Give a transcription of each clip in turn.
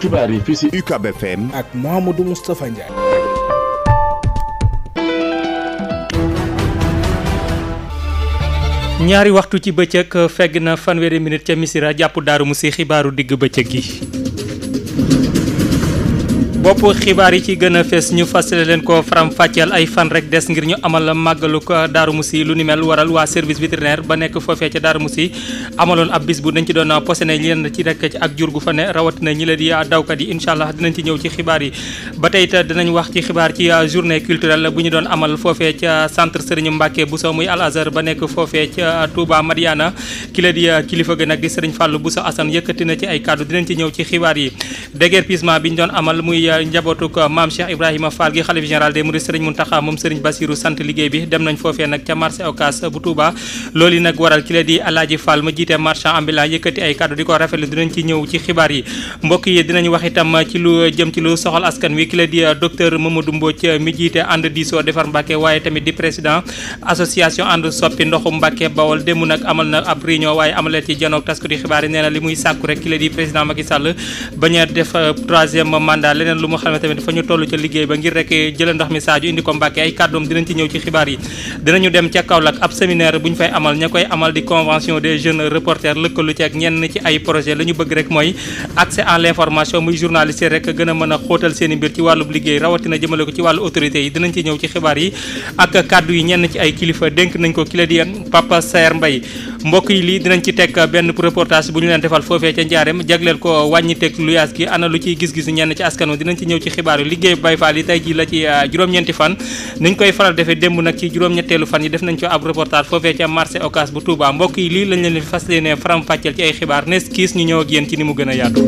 xibaar yi ak Mouhamadou Moustapha Ndiaye. ñaari waxtu ci bëccëg fegg na fanweeri minute ca misira jàpp daaru mu xibaaru digg bëccëg gi bopp xibaar yi ci gën a fees ñu fasale leen ko faram fàcceel ay fan rek des ngir ñu amal màggalu ko Daaru Musi lu ni mel waral waa service vétérinaire ba nekk foofee ca Daaru Musi amaloon ab bis bu dañ ci doon posene leen ci rek ak jur gu fa ne rawatina ñi la di dawkat yi incha allah dinañ ci ñëw ci xibaar yi ba tey dinañ wax ci xibaar ci journée culturelle bu ñu doon amal foofee ca centre Serigne Mbacke Bousso muy Al Azhar ba nekk foofee ca Touba Madiana ki la di kilifa gën ak di Serigne Fallou Bousso Assane yëkkati na ci ay kàddu dinañ ci ñëw ci xibaar yi njabootuk euh, maam Cheikh Ibrahima Fall gi xalif général des mourides sëriñ Muntaxa moom sëriñ Basiru sant liggéey bi dem nañ foofee nag ca marché Ocass bu Touba loolu yi nag waral ki di Alaaji Fall ma jiite marchand ambulant yëkkati ay kàddu di ko rafetlu dinañ ci ñëw ci xibaar yi mbokk yi dinañ wax itam ci lu jëm ci lu soxal askan wi ki la di euh, docteur Mamadou Mbodj euh, mi jiite ànd diisoo defar Mbàkke waaye tamit di président association ànd soppi a lu mu xam ne tamit dafa ñu toll ca liggéey ba ngir rek jëla ndox mi Sadio indi ko Mbàkke ay kàddoom dinañ ci ñëw ci xibaar yi dinañu dem ca Kaolack ab séminaire bu ñu amal ña koy amal di convention des jeunes reporters lëkkalu ci ak ci ay projet ñu bëgg rek mooy accès à l'information muy journaliste rek gën a mën a xóotal seen mbir ci wàllu liggéey rawatina jëmale ko ci wàllu autorités yi dinañ ci ñëw ci xibaar yi ak kàddu yi ñenn ci ay kilifa dénk nañ ko kila di Papa Saer mbay mbokk yi lii dinañ ci teg benn reportage bu ñu leen defal foofee ca njaareem jagleel ko wàññi teg luyaas gi ana lu ciy gis-gisu ñenn ci askan wi dinañ ci ñëw ci xibaaru liggéey Baye Fall yi tey ji la ci euh, juróom-ñeenti fan niñ koy faral defee démb nag ci juróom-ñetteelu fan yi def nañ ci ab reportage foofee ca marché Ocass bu Touba mbokk yi lii lañ leen di fas yéene faram fàcceel ci ay xibaar nes kiis ñu ñëw ak yéen ci ni mu gën a yaatu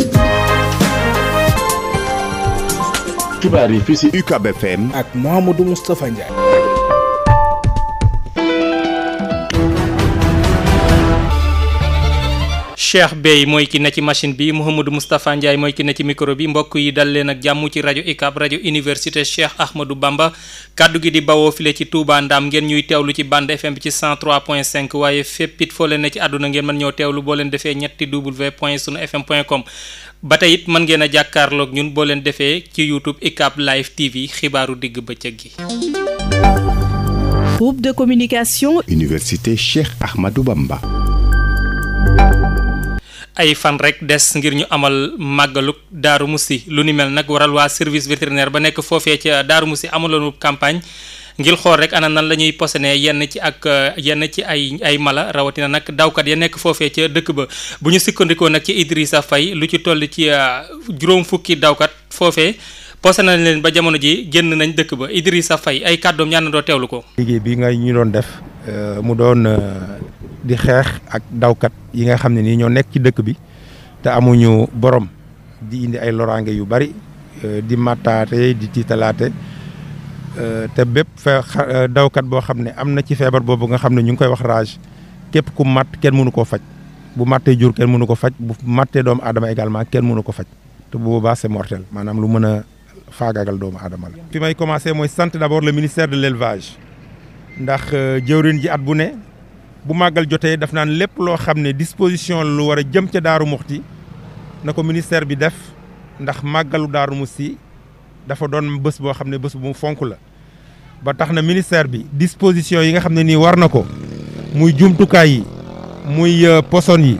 xibaar yi fii si UCAB FM ak Mouhamadou Moustapha Ndiaye Cheikh Bey mooy ki ne ci machine bi Mouhamadou Moustapha Ndiaye mooy ki ne ci micro bi mbokk yi dal leen ak jàmm ci rajo UCAB rajo université Cheikh Ahmadou Bamba kàddu gi di bawoo file ci Touba ngeen ñuy teewlu ci bande FM bi ci 103.5 waaye fépp it foo leen ne ci ngeen mën ñoo teewlu boo leen defee ñetti w ba tey it mën ngeen a jàkkaarloog ñun boo defee ci YouTube UCAB live TV xibaaru digg bëccëg gi. groupe de communication. université Cheikh Ahmadou Bamba. ay fan rek des ngir ñu amal màggaluk Daaru Musi lu ni mel nag waral waa service vétérinaire ba nekk foofee ca Daaru Musi amaloonu campagne ngir xool rek ana nan la ñuy posone yenn ci ak eh, yenn ci ay ay mala rawatina nag dawkat ya nekk foofee ca dëkk ba bu ñu sukkandikoo nag ci sa Faye lu ci toll ci eh, juróom fukki dawkat foofee posé nañ leen ba jamono ji génn nañ dëkk ba Idrissa Faye ay kàddoom ñaan na doo teewlu ko. liggéey bi nga doon def eh, mu doon. di xeex ak dawkat yi nga xam ne nii ñoo nekk ci dëkk bi te amuñu borom di indi ay loraange yu bari euh, di mattaate di tiitalaate euh, te bépp fee euh, dawkat boo xam ne am na ci feebar boobu nga xam ne ñu ngi koy wax rage képp ku matt kenn mënu koo faj bu mattee jur kenn mënu ko faj bu mattee doomu aadama également kenn mënu ko faj te bu boobaa c'est mortel maanaam lu mën a faagaagal doomu aadama la. fi may commencer mooy sant d'abord le ministère de l'élevage ndax jëwrin ji at bu ne. bu màggal jotee daf naan lépp loo xam ne disposition lu war a jëm ca Daaru Muxti na ko ministère bi def ndax màggalu Daaru Muxti dafa doon bés boo xam ne bés bu mu fonk la ba tax na ministère bi disposition yi nga xam ne nii war na ko muy jumtukaay yi muy euh, poson yi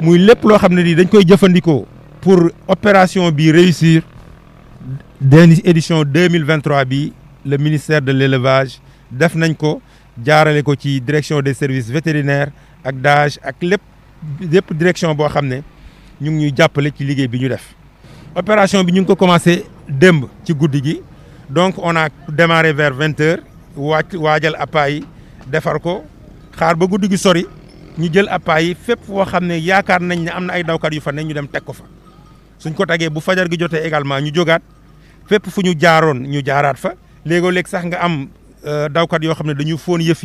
muy lépp loo xam ne nii dañ koy jëfandikoo pour opération bi réussir dernière édition 2023 bi le ministère de l'élevage def nañ ko jaarale ko ci direction des services vétérinaires ak DAGE ak lépp lépp direction boo xam ne ñu ngi ñuy jàppale ci liggéey bi ñu def. opération bi ñu ngi ko commencé démb ci guddi gi donc on a démarré vers vingt heures waaj waajal appât defar ko xaar ba guddi gi sori ñu jël appât yi fépp foo xam ne yaakaar nañ ne am na ay dawkat yu fa ne ñu dem teg ko fa suñ ko tegee bu fajar gi jotee également ñu jogaat fépp fu ñu jaaroon ñu jaaraat fa léegoo léeg sax nga am. Euh, dawkat yoo xam ne dañu foon yëf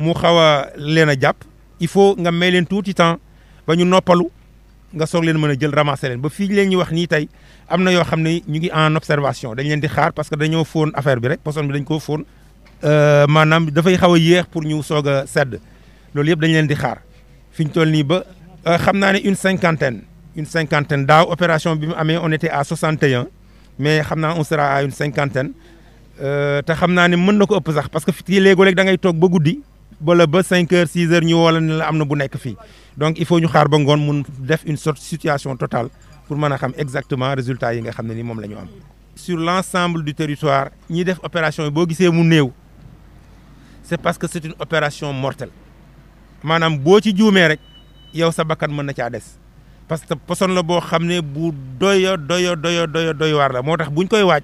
mu xaw a leen a jàpp il faut nga may leen tuuti temps ba ñu noppalu nga soog leen mën a jël ramasser leen ba fii leen ñu wax nii tey am na yoo xam ne ñu ngi en observation dañ leen di xaar parce que dañoo foon affaire bi rek poson bi dañ koo foon euh, maanaam dafay xaw a yéex pour ñu soog a sedd loolu yëpp dañ leen di xaar fi ñu toll nii ba euh, xam naa ne une cinquantaine une cinquantaine daaw opération bi mu amee on était à 61 mais xam naa on sera à une Euh, te xam naa ne mën na ko ëpp sax parce que fii léegoo-léeg da toog ba guddi bala ba 5 heures 6 heures ñu woo la ne la am na bu nekk fii donc il faut ñu xaar ba ngoon mun def une sorte situation totale pour mën a xam exactement résultat yi nga xam ne ni moom la ñu am. sur l' ensemble du territoire ñi def opération boo gisee mu néew c' parce que c' est une opération mortelle maanaam boo ci juumee rek yow sa bakkan mën na caa des parce que poson la boo xam ne bu doyo doyo doyo doy waar moo tax buñ koy waaj.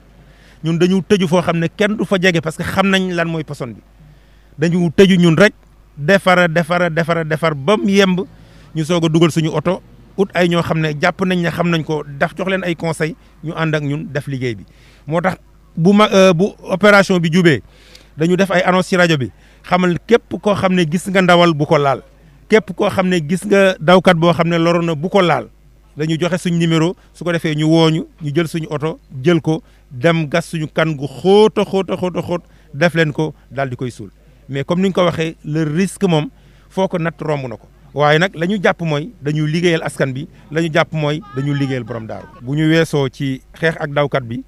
ñun dañu tëju foo xam ne kenn du fa jege parce que xam nañ lan mooy poson bi dañu tëju ñun rek defara defara defara defar ba mu yemb ñu soog a dugal suñu oto ut ay ñoo xam ne jàpp nañ ne xam nañ ko daf jox leen ay conseil ñu ànd ak ñun def liggéey bi moo tax bu ma euh, bu opération bi jubee dañu def ay annonce ci rajo bi xamal képp koo xam ne gis nga ndawal bu ko laal képp koo xam ne gis nga dawkat boo xam ne loroon na bu ko laal dañu joxe suñu numéro su ko defee ñu wooñu ñu jël suñu oto jël ko dem gas kan gu xóot a xóot a xóot def leen ko daal di koy suul mais comme ni nga ko waxee le risque moom foo ko natt romb na ko waaye nag la ñu jàpp mooy dañuy liggéeyal askan bi la ñu jàpp mooy dañuy liggéeyal borom daal bu ñu weesoo ci xeex ak dawkat bi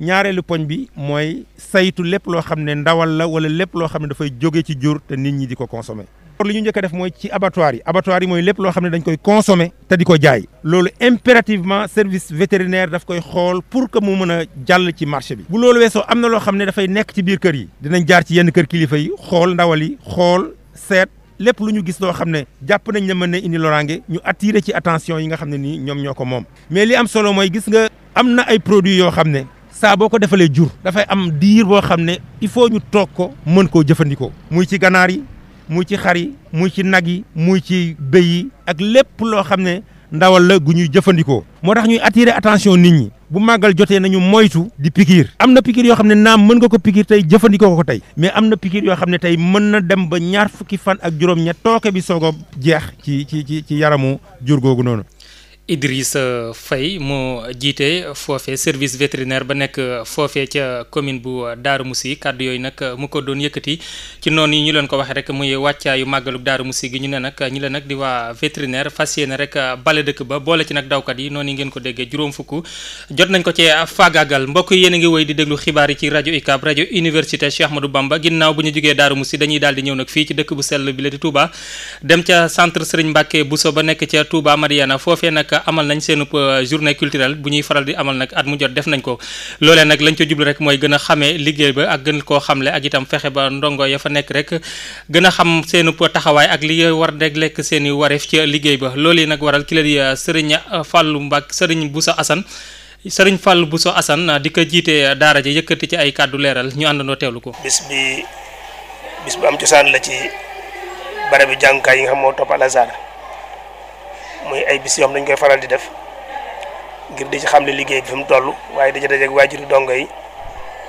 ñaareelu poñ bi mooy saytu lépp loo xam ne ndawal la wala lépp loo xam ne dafay jóge ci jur te nit ñi di ko consommer kon ñu njëkk a def mooy ci abattoir yi mooy lépp loo xam ne dañ koy consommer te di ko jaay loolu impérativement service vétérinaire daf koy xool pour que mu mën a jàll ci marché bi bu loolu weesoo am na loo xam ne dafay nekk ci biir kër yi dinañ jaar ci yenn kër kilifa yi xool ndawali xool seet lépp lu ñu gis loo xam ne jàpp nañ ne mën na indi loraange ñu attiré ci attention yi nga xam ne nii ñoom ñoo ko moom mais li am solo mooy gis nga am na ay produits yoo xam ne saa boo ko defalee jur dafay am diir boo xam ne il faut ñu toog ko mën koo jëfandikoo muy ci ganaar yi muy ci xar yi muy ci nag yi muy ci béy ak lépp loo xam ne ndawal la gu ñuy jëfandikoo. moo tax ñuy attirer attention nit ñi. bu màggal jotee nañu moytu di pikiir am na pikiir yoo xam ne naam mën nga ko pikiir tey jëfandikoo ko tey mais am na pikiir yoo xam ne tey mën na dem ba ñaar fukki fan ak juróom ña tooke bi soog a jeex ci ci ci ci yaramu jur googu noonu Idrissa Faye mu jiite foofe service vétérinaire ba nekk foofe ca commune bu Darou Moussi kàddu yooyu nag mu ko doon yëkkati ci noonu yi ñu leen ko waxee rek muy wàccaayu màggalug Darou Moussi gi ñu ne nag ñi la nag di waa vétérinaire fas yéene rek bale dëkk ba boole ci nag dawkat yi noonu yi ngeen ko déggee juróom fukk jot nañ ko cee faagaagal mbokk yéen a ngi woy di déglu xibaar yi ci rajo UCAB rajo université Cheikh Ahmadou Bamba ginnaaw bu ñu jógee Darou Moussi dañuy daal di ñëw nag fii ci dëkk bu sell bi la di Touba dem ca centre Serigne Mbacké Bousso ba nekk ca nag amal nañ seen euh, journée culturelle bu ñuy faral di amal nag at mu jot def nañ ko loolee nag lañ ca jublu rek mooy gën a xamee liggéey ba ak gën koo xamle ak itam fexe ba ndongo ya fa nekk rek gën a xam po taxawaay ak li war deg lekk seeni i wareef ci liggéey ba loolu yi nag waral ki la di euh, sëriñ Fallou Mbacke sëriñ Boussa Assane sëriñ Fallou Boussa Assane di ko jiite euh, daara ji yëkkati ci ay kàddu leeral ñu àndandoo teelu ko. bis bi bis bu am cosaan la ci barabu jàngukaay yi nga xam moo topp Al Azhar muy ay bis yoom dañ koy faral di def ngir di ci xam ne liggéey bi fi mu toll waaye di ci dajeeg waajuri dongo yi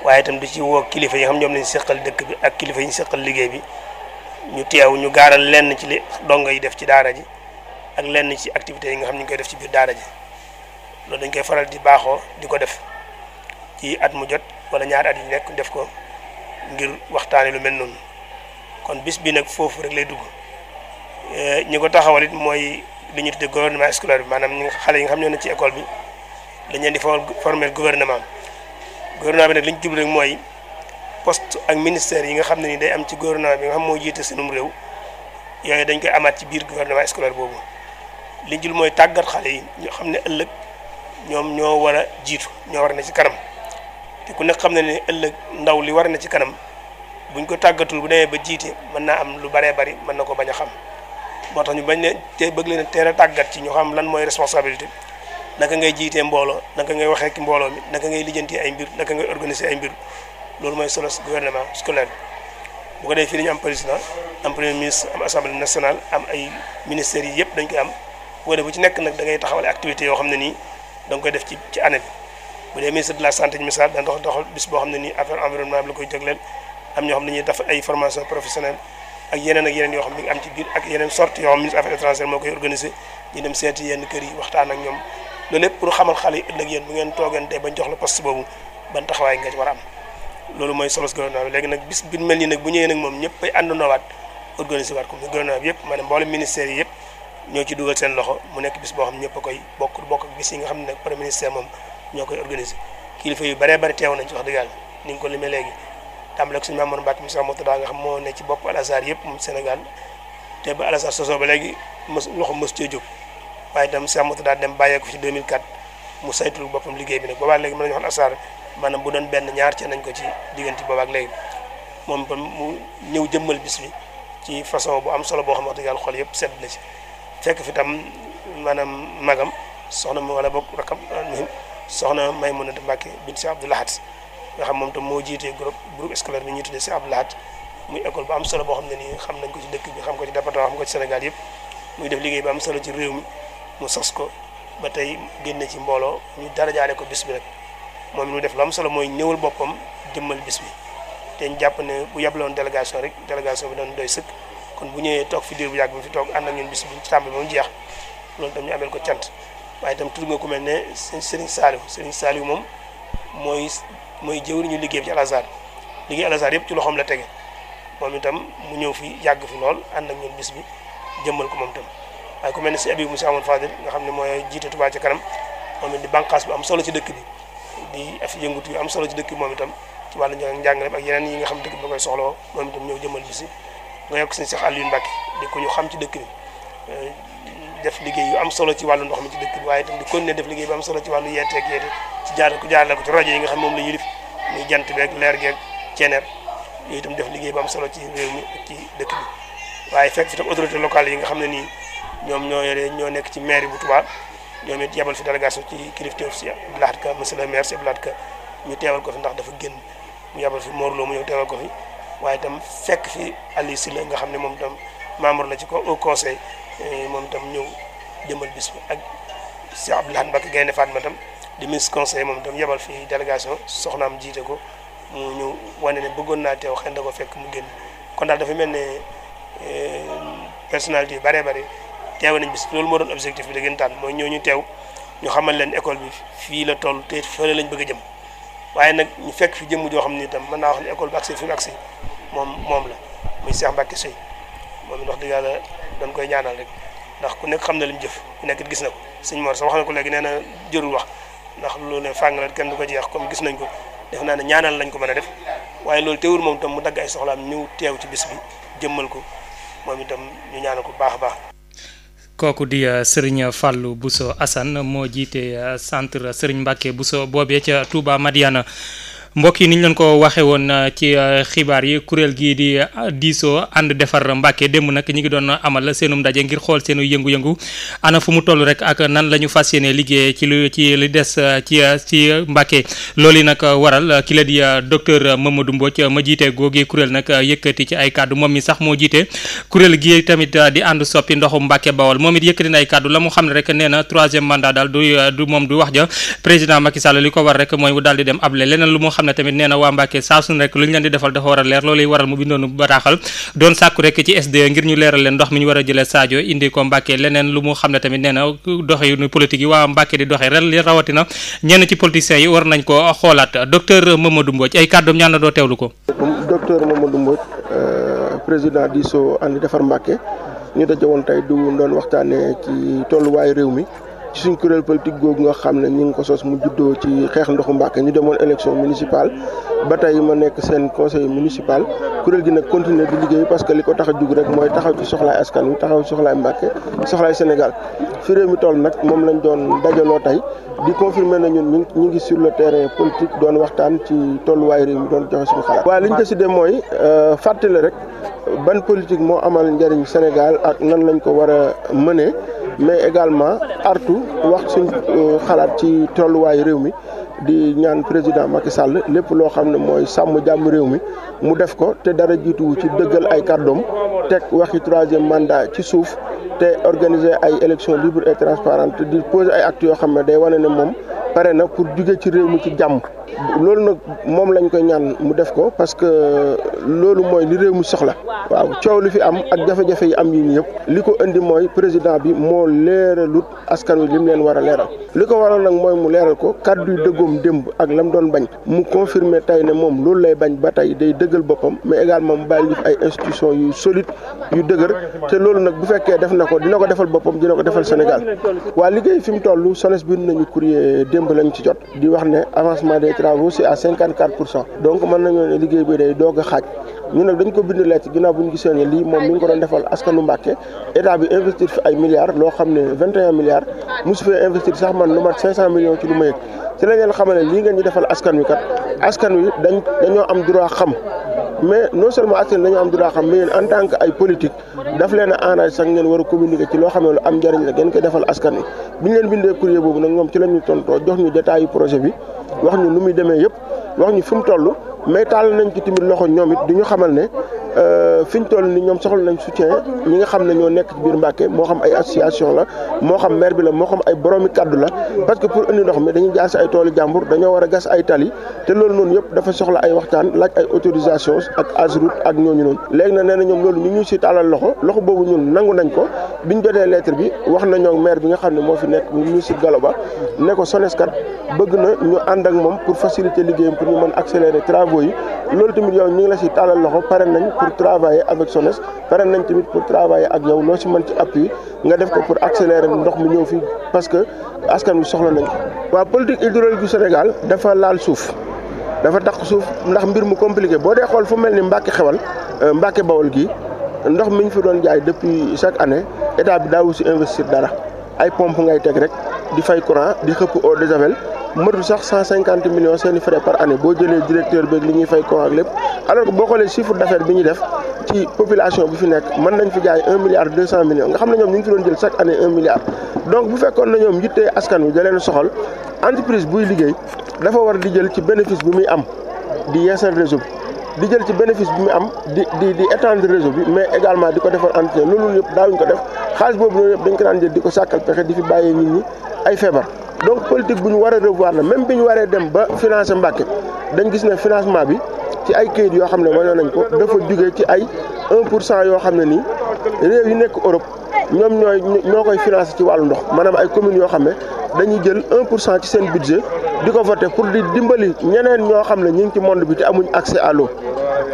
waaye tam di ci woo kilifa yi xam ñoom lañ seqal dëkk bi ak kilifa yi ñu seqal liggéey bi ñu teew ñu gaaral lenn ci li dongo yi def ci daara ji ak lenn ci activités yi nga xam ñu ngi koy def ci biir daara ji loolu dañ koy faral di baaxoo di ko def ci at mu jot wala ñaar at yi nekk def ko ngir waxtaane lu mel noonu kon bis bi nag foofu rek lay dugg eh, ñi ko taxawal mooy li ñu tuddee gouvernement scolaire bi maanaam ñi xale yi nga xam ñoo ne ci école bi dañ leen di former gouvernement gouvernement bi nag li ñu jubleek mooy poste ak ministère yi nga xam ne nii day am ci gouvernement bi nga xam moo jiite seenum réew yooyu dañ koy amaat ci biir gouvernement scolaire boobu li ñu jul mooy tàggat xale yi ñoo xam ne ëllëg ñoom ñoo war a jiitu ñoo war na ci kanam te ku nekk xam ne ne ëllëg ndaw li war na ci kanam buñ ko tàggatul bu demee ba jiite mën naa am lu baree bari mën na ko bañ a xam moo tax ñu bañ leen te bëgg leen teel a tàggat ci ñu xam lan mooy responsabilité naka ngay jiitee mbooloo naka ngay waxee ki mbooloo mi naka ngay lijjanti ay mbir naka ngay organiser ay mbir loolu mooy solo gouvernement scolaire bu ko defee fii dañu am président am premier ministre am assemblée nationale am ay ministères yi yëpp dañ koy am bu ko defee bu ci nekk nag da ngay taxawale yoo xam ne nii da koy def ci ci année bi bu dee ministre de la santé ñu misaal dana dox doxal bis boo ne nii affaire environnement bi la koy jagleel am ñoo xam ne ñuy def ay ak yeneen ak yeneen yoo xam mi ngi am ci biir ak yeneen sorties yoo xam ministre affaires étrangères moo koy organisé ñu dem seeti yenn kër yi waxtaan ak ñoom loolu lépp pour xamal xale yi ëllëg yéen bu ngeen toogante bañ jox la poste boobu ban taxawaay nga ci war a am loolu mooy solos gouvernement léegi nag bis bi mel nii nag bu ñëwee nag moom ñëpp ay àndandoowaat organisé waat ko mu gouvernement bi yëpp maanaam mboolem ministères yi yëpp ñoo ci dugal seen loxo mu nekk bis boo xam ñëpp a koy bokk bokk ak ne nag premier ministère moom ñoo koy organisé kilifa yu baree bari teew nañ ci wax dëgg yàlla ni nga tàmbale ko suñu Mamour Mbacke mu Cheikh Mourtada nga xam moo ne ci bopp Al-Azhar yëpp mu Sénégal te ba Al-Azhar sosoo ba léegi mos loxo mos cee jóg waaye itam Cheikh Mourtada dem bàyyeeku ci 2004 mu liggéey bi nag boobaa léegi mën nañu wax al maanaam bu doon benn ñaar ci nañ ko ci diggante boobaak léegi moom itam mu ñëw jëmmal bis bi ci façon bu am solo boo xam wax dëgg yàlla xol yëpp sedd na ci fekk fi tam maanaam magam soxna wala boog rakam soxna Maymunatu Mbacke bint Cheikh Abdou Lahad nga xam moom tam moo jiitee groupe groupe scolaire bi ñuy tuddee si ab laat muy école bu am solo boo xam ne nii xam nañ ko ci dëkk bi xam ko ci département xam ko ci Sénégal yëpp muy solo ci réew mi mu ko ba tey génne ci mbooloo ñu darajaale ko bis bi rek moom lu def lu solo mooy ñëwal boppam jëmmal bi te ñu jàpp ne bu yabaloon délégation rek délégation bi doon doy kon bu ñëwee toog fi diir bu yàgg bi fi toog ànd ak ñun bis bi tàmbali ba mu jeex loolu itam ñu amel ko cant waaye itam tudd nga ko mel ne Serigne Saliou Serigne Saliou moom mooy mooy ñu liggéey bi ci Al-Azhar liggéey Al-Azhar yëpp ci loxoom la tege moom itam mu ñëw fi yàgg fi lool ànd ak ñun bis bi jëmmal ko moom itam waaye ku mel ne si abi monsieur nga xam ne mooy jiite Touba ca kanam moom am solo ci dëkk bi di af yëngutu yu am solo ci dëkk bi moom itam ci wàllu njàng ak yeneen yi nga xam dëkk bi da koy soxloo moom itam ñëw jëmmal bis bi nga yokk seen sax Aliou Mbacke di ko ñu xam ci dëkk bi eh, def liggéey yu am solo ci wàllu ndox mi ci dëkk bi waaye itam di continuer def liggéey bu am solo ci wàll yeete ak jaar ko ko ci rajo yi nga xam moom la yilif muy jant beeg leer geeg ceneer yooyu itam def liggéey bu am solo ci réew mi ci dëkk bi waaye fekk fi tam autorité locale yi nga xam ne nii ñoom ñoo yore ñoo nekk ci mairie bu tubaab ñoom it yebal fi ci kilifteef si Abdou Lahad Ka le maire si Abdou Lahad Ka ñu ko fi ndax dafa génn mu yebal fi Mor Lo mu ko fi waaye itam fekk fi Aliou Sylla nga xam ne moom itam membre la ci au conseil eh, moom itam ñëw jëmal bis bi ak si Abdou Lahad Mbacké Gaynde ma tam di ministre conseil moom itam yebal fii délégation soxnaam jiite ko mu ñu wane ne bëggoon naa teew xëy na ko fekk mu génn kon daal dafa mel ne euh, personnalité yu bare bare teew nañ bis loolu moo doon objectif bi da ngeen mooy ñoo ñu teew ñu xamal leen école bi fii la tool te fële lañ bëgg a jëm waaye nag ñu fekk fi jëmm joo xam ne itam mën naa wax ne école bi accès fi mu accès moom moom la muy Cheikh Mbacke Seye moom it wax dëgg yàlla dan koy ñaanal rek ndax ku nekk xam na li jëf nekk gis na ko sëñ Mor sax wax ko léegi nee na jërul wax ndax loolu ne fàng la kenn du ko jeex comme gis nañ ko def naa ne ñaanal lañ ko mën a def waaye loolu teewul moom itam mu dagg ay soxlaam ñëw teew ci bis bi jëmmal ko moom itam ñu ñaanal ko bu baax a baax. kooku di euh, Serigne bu Bousso Assane moo jiite euh, centre Serigne bu soo boobee ca Touba Madiana. mbokk yi ni ñu ko waxee woon uh, ci uh, xibaar yi kuréel gii di uh, diisoo ànd defar Mbàkke démb nag ñi ngi doon amal seenu ndaje ngir xool seenu yëngu-yëngu ana fu mu toll rek ak nan la ñu fas yéene liggéey ci lu ci li des ci ci Mbàkke loolu yi nag waral ki la di docteur du Mbodj ma jiitee googi kuréel nag yëkkati ci ay kàddu moom yi sax moo jiitee kuréel gi tamit di ànd soppi ndoxu Mbàkke Bawol moom it yëkkati na ay kàddu la mu xam ne rek nee na troisième mandat daal du moom du wax ja président Macky Sall li ko war rek mooy daal di dem able xam na waa Mbàkke saa su ne rek lu ñu leen di defal dafa war a leer looluy waral mu bindoonu bataaxal doon sàkku rek ci SDE ngir ñu leeral leen ndox mi ñu war a jëlee Sadio indi ko Mbàkke leneen lu mu xam ne tamit nee na doxinu politique yi waa Mbàkke di doxee ren li rawatina ñenn ci politiciens yi war nañ ko xoolaat docteur Mamadou Mbodj ay kàddoom ñaan na doo teewlu ko docteur Mamadou Mbodj euh, président di soo andi defar Mbàkke ñu daje woon tey du doon waxtaanee ci tolluwaayu réew mi ci suñ kuréel politique googu nga xam ne ñu ngi ko sos mu juddoo ci xeex ndoxu Mbàkke ñu demoon élection municipale ba tey ma nekk seen conseil municipal kuréel gi nag continuer bi liggéey parce que li ko tax a jug rek mooy taxaw ci soxlaay askan wi taxaw ci soxlaay Mbàkke soxlaay Sénégal fi réew mi toll nag moom lañ doon dajaloo tey di confirmer na ñun ñu ngi sur le terrain politique doon waxtaan ci tolluwaay réew mi doon joxe suñu xalaat waa li ñu décidé mooy euh, fàttali rek ban politique moo amal njëriñ Sénégal ak nan lañ ko war a mënee mais également artu wax suñ euh, xalaat ci tolluwaayu réew mi di ñaan président Macky sàll lépp loo xam ne mooy sàmm jàmm réew mi mu def ko te dara jiituwu ci dëggal ay kàddoom teg waxi troisième mandat ci suuf te organiser ay élections libre et transparentes di poser ay actes yoo xam ne day wane ne moom pare na pour juge ci réew mi ci jàmm loolu nag moom lañ koy ñaan mu def ko parce que loolu mooy ni réew mi soxla waaw coow li fi am ak jafe-jafe yi am yi nii yëpp li ko indi mooy président bi moo leeralut askan wi lim leen war a leeral li ko waral nag mooy mu leeral ko kàddu yu dëggoom démb ak la mu doon bañ mu confirmer tey ne moom loolu lay bañ ba tey day dëggal boppam mais également mu bàyyi ñu ay institutions yu solide yu dëgër te loolu nag bu fekkee def na ko dina ko defal boppam dina ko defal Sénégal waa liggéey fi mu toll SONES bind nañu courrier démb lañ ci jot di wax ne avancement des travaux c'est à 54 pour cent donc mën nañoo ne liggéey bi day doog a xaaj ñu nag dañ ko bind lettre ginnaaw bu ñu gisee ne lii moom mi ngi ko doon defal askanu Mbàkke état bi investir fi ay milliards loo xam ne 21 milliards mosu fee investir sax man lu mat 500 millions ci lu ma yëg ci la ngeen xamal ne lii ngeen ñu defal askan wi kat askan wi dañ dañoo am droit xam mais non seulement askan dañoo am droit xam mais yéen en tant que ay politique daf leen a enragé sax ngeen war a communiquer ci loo xam ne lu am njëriñ la ngeen koy defal askan wi bi ñu leen bindee courrier boobu nag ñoom ci la ñu tontoo jox ñu détails yu projet bi wax ñu nu muy demee yëpp wax ñu fi mu toll mais taal nañ ci timit loxo ñoom it di ñu xamal ne euh, fi ñu toll ni ñoom soxla nañ soutien ñi nga xam ne ñoo nekk ci biir Mbàkke moo xam ay association la moo xam maire bi la moo xam ay boroomi kàddu la parce que pour indi ndox mi dañuy jaar si ay toolu jàmbur dañoo war a gas ay tali te loolu noonu yëpp dafa soxla ay waxtaan laaj ay autorisation ak Ageroute ak ñooñu noonu léegi na nee na ñoom loolu ñu ñu si taalal loxo loxo boobu ñun nangu nañ ko biñ jotee lettre bi wax nañoo maire bi nga xam ne moo fi nekk mu ñu si Galoba ne ko SONES kat bëgg na ñu ànd ak moom pour faciliter liggéeyam pour ñu mën accélérer travaux yi loolu tamit yow ñu ngi la si tàllal loxo pare nañ pour travailler avec SONES pare nañ tamit pour travailler ak yow loo si man ci appui nga def ko pour accélérer ndox mi ñëw fii parce que askan wi soxla nañ ko. waaw politique hydraulique du Sénégal dafa laal suuf dafa takk suuf ndax mbir mu compliqué boo dee xool fu mel ni Mbacke xewal euh, Mbacke Bawol gii ndox mi ñu fi doon jaay depuis chaque année état bi daawu si investir dara ay pompe ngay teg rek. di fay courant di xëpp eau de javel matul sax cent cinquante millions seeni frais par année boo jëlee directeur beeg li ñuy fay courant ak lépp alors que boo xoolee chiffre d'affaires bi ñu def ci population bi fi nekk mën nañ fi jaay un milliard deux cent millions nga xam ne ñoom ñu ngi fi doon jël chaque année un milliard donc bu fekkoon na ñoom yittee askan wi da soxal entreprise buy liggéey dafa war di jël ci bénéfice bi muy am di yeesal réseau bi di jël ci bénéfice bi mu am di di di étendre bi mais également di ko defar entretien loolu yëpp daawuñ ko def xaalis boobu loolu yëpp dañ ko daan jël di ko sàkkal pexe di fi bàyyee nit ñi ay feebar. donc politique bu ñu war a revoir la même bi ñu waree dem ba financer Mbàkke dañ gis ne financement bi ci ay këyit yoo xam ne wane nañ ko dafa jugee ci ay 1 pour cent yoo xam ne nii réew yu nekk Europe. ñoom ñooy ñoo koy financé ci wàllu ndox maanaam ay communes yoo xam ne dañuy jël 1 pour cent ci seen budget di ko voté pour di dimbali ñeneen ñoo xam ne ñu ngi ci monde bi ci amuñ accès à l'eau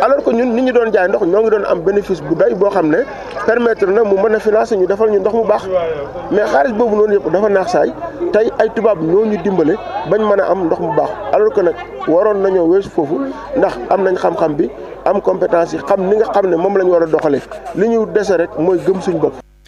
alors que ñun nit ñu doon jaay ndox ñoo ngi doon am bénéfice bu doy boo xam ne permettre na mu mën a financer ñu defal ñu ndox mu baax mais xaalis boobu noonu yëpp dafa naax saay tey ay tubaab ñoo ñu dimbale bañ mën a am ndox mu baax alors que nag waroon nañoo weesu foofu ndax am nañ xam bi am compétence yi xam ni nga xam ne moom la ñu war a doxalee li ñu dese rek mooy gëm suñ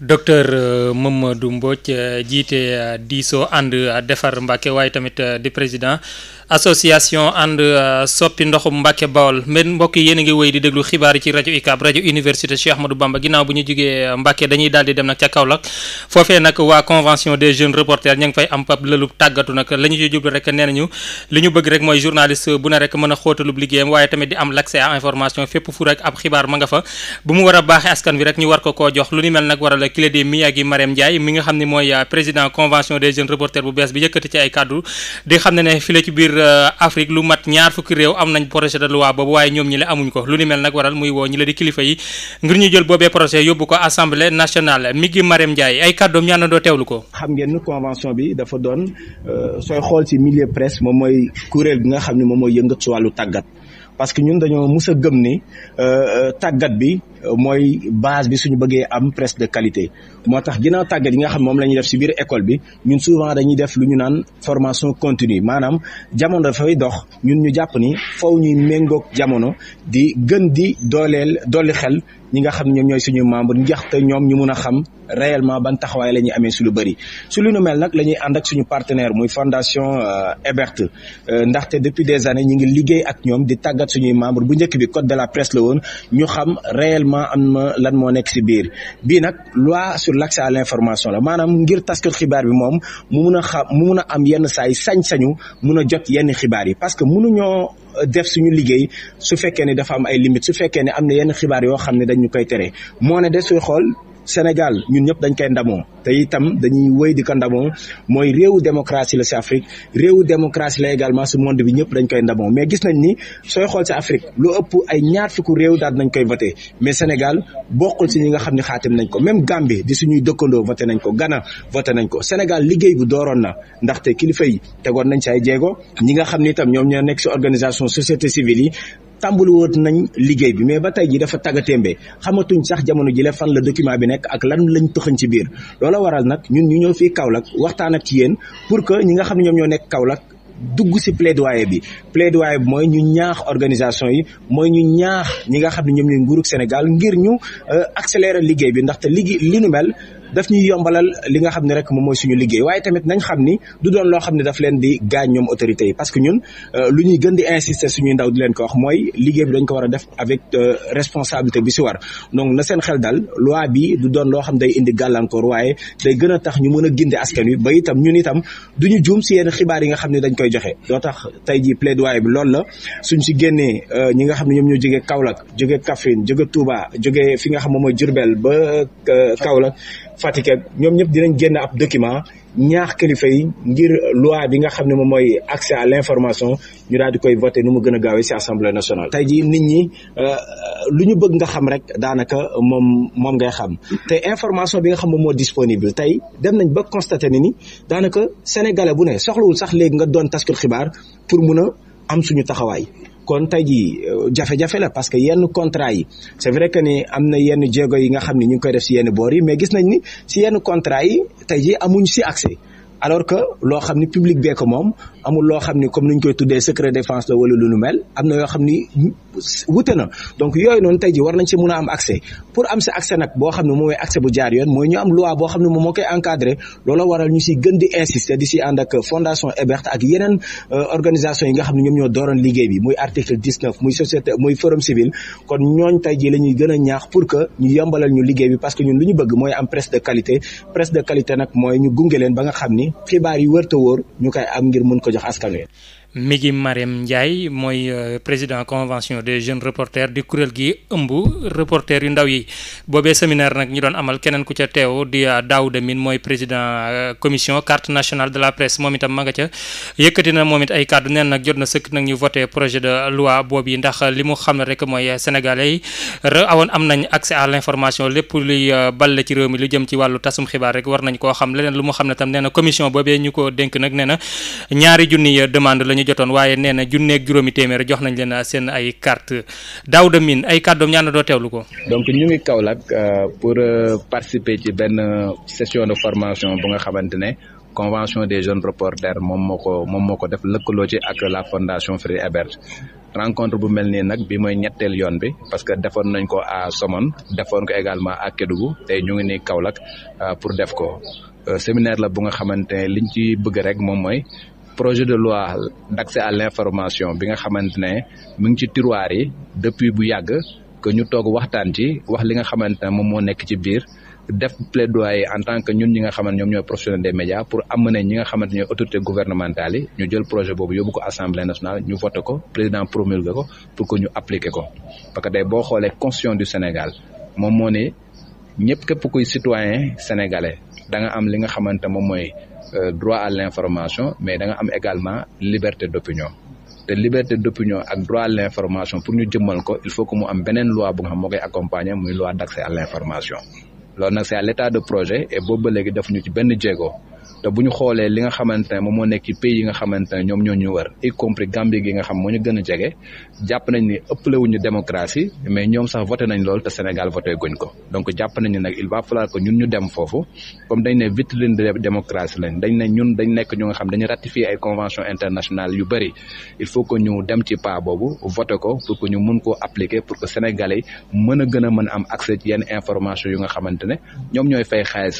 docteur euh, Mamadou Mbodj euh, jiite euh, diisoo ànd defar Mbacke waaye tamit di président association ànd soppi ndoxum Mbacke Bawol mbeen mbokk yéen a ngi wéy di déglu xibaar yi ci rajo UCAB rajo université Cheikh Ahmadou Bamba ginnaaw bu ñu jugee Mbacke dañuy daal di dem nag ca Kaolack foofee nag waa convention des jeunes reporters ñu ngi fay am pap lëlub tàggatu nag la ñu ci jublu rek nee nañu li ñu bëgg rek mooy journaliste bu ne rek mën a xootalu xóotalub liggéeyam waaye tamit di am l'accès à information fépp fu rek ma nga a la kile di Miyagi Marème Ndiaye mi nga xam ne mooy euh, président convention des jeunes reporters bu bees bi yëkkati ci ay kàddu di xam ne ne fii ci biir euh, Afrique lu mat ñaar fukki réew am nañ projet de loi boobu waaye ñoom ñi la amuñ ko lu ni mel nag waral muy woo ñi la di kilifa yi ngir ñu jël boobee projet yóbbu ko assemblée nationale Miyagi Marème Ndiaye ay kàddoom ñaan na doo teewlu ko. xam ngeen convention bi dafa doon euh, sooy xool ci milieu a gëm mooy base bi suñu bëggee am presse de qualité moo tax ginnaaw tàggat yi nga xam moom la ñuy def si biir école bi ñun souvent dañuy def lu ñu naan formation continue maanaam jamono dafay dox ñun ñu jàpp ni fow ñuy méngoog jamono di gën di dooleel dolli xel ñi nga xam ñoom ñooy suñu membre njaxte ñoom ñu mun a xam réellement ban taxawaay la ñuy amee su lu bëri su lu nu mel nag la ñuy ànd ak suñu partenaire muy fondation euh, Ebert euh, ndaxte depuis des années ñi ngi liggéey ak ñoom di tàggat suñuy membre bu njëkk bi code de la presse woon exactement am lan moo nekk si biir bi nag loi sur l'accès à l'information la maanaam ngir taskat xibaar bi moom mu mun a xam mu mun a am yenn saay sañ-sañu mun a jot yenn xibaar yi parce que ñoo euh, def suñu liggéey su fekkee ne dafa am ay limites su fekkee ne am na yenn xibaar yoo xam ne dañu koy tere moo ne de suy xool Sénégal ñun ñëpp dañ koy ndamoo tey itam dañuy wéy di ko mooy réew démocratie la si Afrique réew démocratie la également si monde bi ñëpp dañ koy ndamoo mais gis nañ ni sooy xool si Afrique lu ëpp ay ñaar fukki réew daal nañ koy voté mais Sénégal bokkul si ñi nga xam ne xaatim nañ ko même Gambie di suñuy dëkkandoo voté nañ ko Ghana voté nañ ko Sénégal liggéey bu dooroon na ndaxte kilifa yi tegoon nañ si ay jéego ñi nga xam ne itam ñoom ñoo nekk si organisation société civile yi tàmbali woot nañ liggéey bi mais ba tey ji dafa tàggatémbe xamatuñ sax jamono ji le fan la document bi nekk ak lan lañ tëxañ ci biir loola waral nag ñun ñu ñëw fii Kaolack waxtaan ak ci pour que ñi nga xam ne ñoom ñoo nekk Kaolack dugg ci plaidoyer bi plaidoyer bi mooy ñu ñaax organisation yi mooy ñu ñaax ñi nga xam ne ñoom ñooy nguurug Sénégal ngir ñu euh, accélérer liggéey bi ndaxte liggéey li daf ñuy yombalal li nga xam ne rek moom mooy suñu liggéey waaye tamit nañ xam ni du doon loo xam ne daf leen di gaañ ñoom autorités yi parce que ñun euh, lu ñuy gën di insister suñuy ndaw di leen ko wax mooy liggéey bi dañ ko war a def avec euh, responsabilité bi si war donc na seen xel daal loi bi du doon loo xam day indi gàllankoor waaye day gën a tax ñu mën a gindi askan wi ba itam ñun itam duñu juum si yenn xibaar yi nga xam ne dañ koy joxe doo tax tey ji plaidoyer bi loolu la suñ si génnee euh, ñi nga xam ne ñoom ñoo jógee Kaolack jógee Kaffrine jógee Touba jógee fi nga xam moom mooy Diourbel ba Kaolack Fatick ñoom ñëpp dinañ génn ab document ñaax kilifa yi ngir loi bi nga xam ne moom mooy accès à l'information ñu daal di koy voté nu mu gën a gaawee ci assemblée nationale. tey jii nit ñi euh, lu ñu bëgg nga xam rek daanaka moom moom ngay xam te information bi nga xam moom moo disponible tey dem nañ ba constaté ne ni daanaka sénégalais bu ne soxlawul sax léegi nga doon taskul xibaar pour mun a am suñu taxawaay. kon tey jii euh, jafe-jafe la parce que yenn contrat yi c'est vrai que ni am na yenn jéego yi nga xam ni ñu ngi koy def si yenn boor yi mais gis nañ ni si yenn contrat yi tey jii amuñ si accès alors que loo xam ni public bee ko moom amul loo xam ni comme ni ñu koy tuddee secret défense wute na donc yooyu noonu tey ji war nañ ci mën a am accès pour am sa accès nag boo xam ne mooy accès bu jaar yoon mooy ñu am loi boo xam ne moom moo koy encadré looloo waral ñu si gën di insister di si ànd euh, yi nga xam ne ñoom ñoo dooroon liggéey bi muy article 19 muy société muy forum civil kon ñooñ tey ji la ñuy gën a ñaax pour que ñu yombalal ñu liggéey bi parce que ñun lu ñu bëgg mooy am presse de qualité presse nag mooy ñu gunge leen ba nga xam ni xibaar yi wër ñu koy am ngir mën ko jox askan wi mi ngi Marème Ndiaye mooy euh, président convention des jeunes reporters di kuréel gi ëmb reporters yu ndaw yi boobee séminaire nag ñu doon amal keneen ku ca teew di euh, Daouda Mine mooy président euh, commission carte nationale de la presse moom itam ma nga ca yëkkati na moom it ay kàddu neen nag jot na sëkk nag ñu voté projet de loi boobu yi ndax li mu xam ne rek mooy sénégalais yi awoon am nañ accès à l' information lépp luy balle ci réew mi lu jëm ci wàllu tasum xibaar rek war nañ koo xam leneen lu mu xam ne tam nee na commission boobee ko dénk nag na jotoon waaye nee na junneeg juróomi téeméer jox nañ leen seen ay carte Daouda Mine ay kàddoom ñaan na doo teewlu ko. donc ñu ngi Kaolack euh, pour euh, participer ci benn session de formation bu nga xamante ne convention des jeunes reporters moom moo ko moom moo ko def lëkkaloo ci ak la fondation Free Héberge rencontre bu mel nii nag bi mooy ñetteel yoon bi parce que defoon nañ ko à Somone defoon ko également à Kédougou tey ñu ngi nii Kaolack euh, pour def ko séminaire la bu nga xamante ne liñ ci bëgg rek moom mooy projet de loi d'accès à l'information bi nga xamante ne mu ngi ci tiroir yi depuis bu yàgg que ñu toog waxtaan ci wax li nga xamante ne moom moo nekk ci biir def plaidoyer en tant que ñun ñi nga xamante ñoom ñooy professionnels des médias pour amener ñi nga xamante ñooy autorités gouvernementales yi ñu jël projet boobu yóbbu ko assemblée nationale ñu voté ko président promulgué ko pour que ñu appliqué ko parce que day boo xoolee constitution du Sénégal moom moo ne ñëpp képp kuy citoyen sénégalais da nga am li nga xamante moom mooy Euh, droit à l'information mais danga nga am également liberté d'opinion te liberté d'opinion ak droit à l'information pour ñu jëmal ko il faut que mu am beneen loi bu nga xam moo koy muy loi d'accès à information loolu nag c'est à de projet et boobu ba léegi defuñu ci benn jéego te bu ñu xoolee li nga xamante ne moom moo nekk ci pays yi nga xamante ne ñoom ñoo ñu wër y compris Gambie nga xam moo ñu gën a jege jàpp nañ ni ëppalewuñu démocratie mais ñoom sax voté nañ lool te Sénégal voté guñ ko donc jàpp nañ nag il va falloir que ñun ñu dem foofu comme dañ ne vitrine de démocratie lañ dañ ne ñun dañ nekk ñu nga xam dañu ratifié ay convention internationale yu bëri il faut que ñu dem ci pas boobu voté ko pour ñu mun koo appliquer pour que mën a gën a mën a am accès ci yenn information yu nga xamante ne ñoom ñooy fay xaalis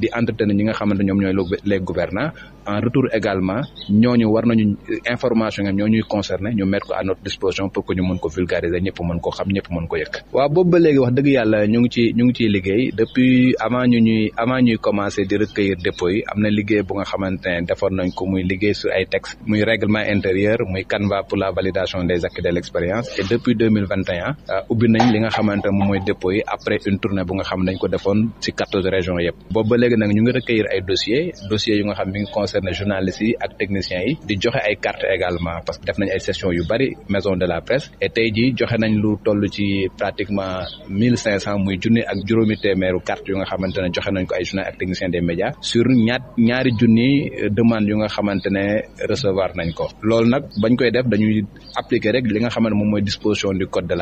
di entretenir ñi nga xamante ñoom ñooy les gouvernants en retour également ñooñu war nañu euh, information yi concerné ñu mettre ko à notre disposition pour que ñu mën ko vulgariser ñëpp mën ko xam ñëpp mën ko yëkk waaw boobu ba léegi wax dëgg yàlla ñu ngi ci ñu ngi liggéey depuis avant ñu ñuy avant di recueillir dépôts yi muy liggéey intérieur muy canevas pour la validation des acquis de l'expérience et depuis euh, ubbi nañ li nga xamante moom mooy dépôts après une tournée bu nga xam dañ ko defoon ci 14 régions yëpp concerne journalistes yi ak techniciens yi di joxe ay cartes également parce que def nañ ay sessions yu bari maison de la presse et tey joxe nañ lu toll ci pratiquement mille cinq cent muy junni ak juróomi téeméeru carte yu nga xamante ne joxe nañ ko ay journalistes ak techniciens des médias sur ñaat ñaari junni euh, demande yu nga xamante recevoir nañ ko loolu nag bañ koy def dañuy appliquer rek li nga xamante moom mooy disposition jox carte